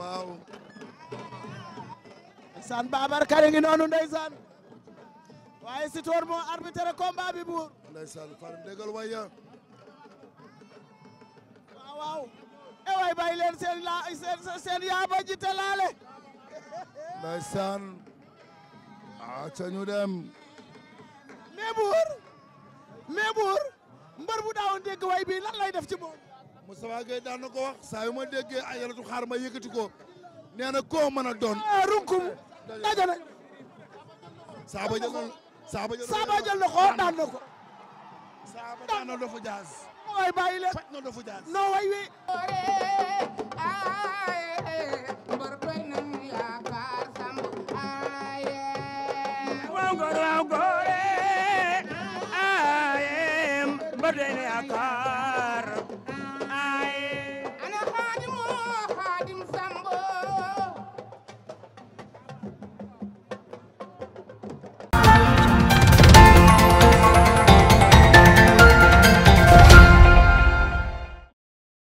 waaw ndeysaan Babacar ngi noonu ndeysaan waaye Sitor moo arbitre combat bi buur far déggal waya waaw waaw e eh way leen seen la seen yaaba a ah, ca dem mais buur mais buur mbër bu daawoon dégg way bi lan lay def ci moom Moustapha Gueye daan na ko wax saa yu ma déggee ay yalatu xaar ma yëkkati ko nee na koo mën a doon. Ah, runkum daje na. saaba jël na saaba jël na ko daan na ko. saaba daan na dofu jaas. waay bàyyi leen faj na dofu jaas. non waay wi. But then I